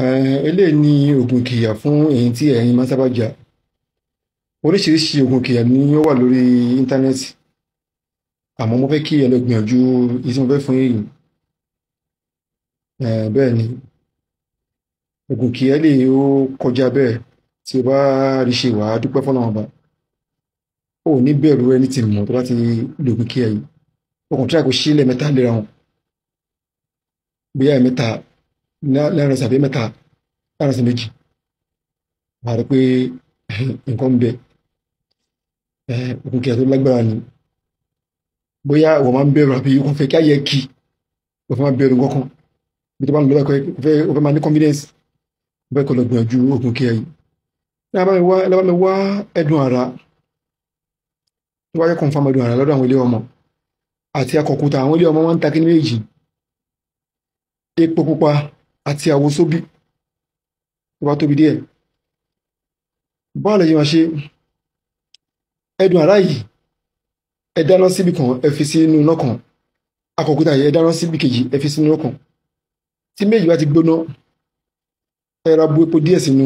Eh, eléyìí ni oògùn ìkìyà fún èyí tí ẹ̀yin máa sábà jà oríṣiríṣi oògùn ìkìyà ni ó wà lórí íńtánẹ́ẹ̀tì àmọ́ mo fẹ́ kí ẹ lọ gbìyànjú èyí tí mo fẹ́ fún yìí eh, bẹ́ẹ̀ ni oògùn ìkìyà lè ó kọjá bẹ́ẹ̀ tí o bá rí ṣe wàá dúpẹ́ fọ́nà ọba ó ní bẹ̀rù ẹni tí mọ̀ tó bá lo oògùn ìkìyà yìí ó tí a kò ṣí mẹ́ta lera wọn bóyá ẹ̀mẹ́ta láàrin ọ̀sẹ̀ àbí mẹ́ta láàrin ọ̀sẹ̀ méjì wà rí pé eh, nǹkan ń bẹ eh, òkùnkẹ́ tó lágbára ni bóyá wọ́n máa ń bẹ̀rù àbí wọ́n fẹ́ kí ayẹ kí wọ́n fẹ́ máa bẹ̀rù kọ́kàn bí tó bá ń lọ báyìí wọ́n fẹ́ máa ní confidence bẹ́ẹ̀ kọ́ lọ gbìyànjú òkùnkẹ́ yìí lábàá mi wá ẹ̀dùn ara tó wáyé confam ẹ̀dùn ara lọ́dọ̀ àwọn ilé ọmọ àti akọ̀kúta àwọn ilé ọmọ wọn ń ta kí ní méjì epo pupa àti àwòsóbí tó bá tóbi díẹ̀ bọ́ọ̀lù yìí máa ṣe ẹdùn àrá yìí ẹ dáná síbi kan ẹ fi sínú iná kan akọkúta yìí ẹ dáná síbi kejì ẹ fi sínú iná kan tí méjì bá ti gbóná ẹ bu epo díẹ̀ sínú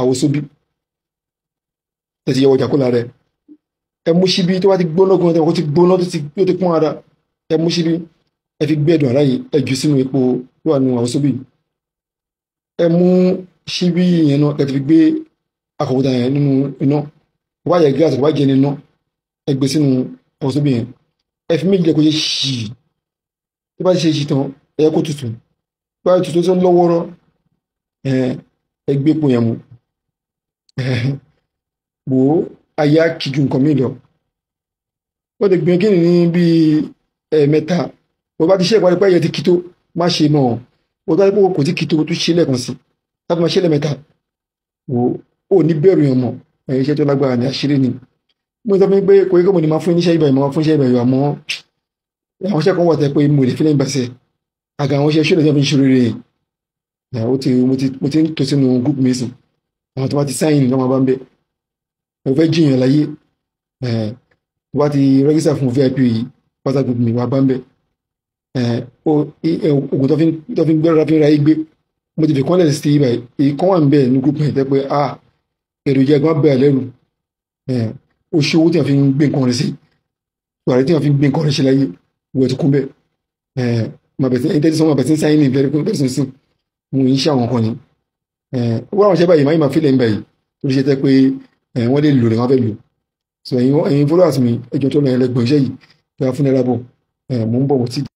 àwòsóbí tẹ̀sí yẹ ọjà kó la rẹ ẹ síbi tó bá ti gbóná gan tẹ̀wọ́ ti gbóná tó ti pọ́n ara ẹ mú síbi ẹ fi gbé ẹdùn àrá yìí ẹ sínú epo tó wà nù àwòsóbí yìí ẹ mú ṣíbí yẹn náà kẹtì fi gbé akọ̀wé dàn yẹn nínú iná wáyà gíláàsì wáyà jẹ nínú ẹ gbé sínú ọ̀sọ́bì yẹn ẹ fi méjì jẹ kó ṣe ṣì tó bá ṣe ṣì tán ẹ kó tutù bá tutù tó lọ́wọ́rọ́ ẹ po yẹn mu wò ó ayé á kí ju nǹkan mi lọ wọ́n ti gbìyànjú ní bíi ẹ̀ẹ̀mẹ́ta wọ́n bá ti ṣe ìpàdé pẹ́yẹ ti kí má ṣe mọ́ ọ́ wọ́n tó wọ́n kò tí kìtò tó ṣe lẹ́ẹ̀kan sí láti máa ṣe lẹ́ẹ̀mẹ́ta wò ó ní bẹ̀rù yẹn mọ̀ ẹ̀yìn iṣẹ́ tó lágbára ní àṣírí ni mo sọ fún mi pé kò yẹ kó mo ní máa fún iṣẹ́ ìbẹ̀rù máa fún iṣẹ́ ìbẹ̀rù àmọ́ àwọn iṣẹ́ kan wà tẹ́ pé mo lè fi lẹ́yìn bàṣẹ àga àwọn iṣẹ́ ṣọlẹ̀ tó fi ń ṣòro rẹ̀ mo ti mo ti ń tò sínú group mason àwọn tó bá ti sáyìn lọ́mọ bá ń bẹ̀ mo fẹ́ jiyàn láyé tó bá ti rẹ́gísà fún VIP yìí pátá group mi wà bá ń bẹ̀ oògùn tó fi ń gbẹ́rọ fi ń ra igbe mo ti fi kọ́lẹ̀ sí ibà èyí wà ń bẹ̀ ní gúrúpù yẹn tẹ́ a èròjà ẹ̀gbọ́n bẹ̀rẹ̀ lẹ́rù ó ṣe owó tí wọ́n fi ń gbé nǹkan rẹ̀ sí wàrí tí wọ́n fi ń gbé nǹkan rẹ̀ sí láyé wọ́n ti kún bẹ̀ màbẹ̀sí ń sáyìn ní ìbẹ̀rẹ̀ pé bẹ́ẹ̀ sínsìn mo ń ṣe àwọn kan ni wọ́n àwọn ṣẹ́ báyìí máa ń máa fílẹ̀ ń báyìí tó ṣe tẹ́ pé wọ́n lè lò rẹ̀ wọ́n fẹ́ lò so ẹ̀yin followers mi ẹjọ́ tó lọ yẹn lẹ́gbọ̀n iṣẹ́ yìí tí wọ́n fún náírà mo ń bọ̀ wọ́n ti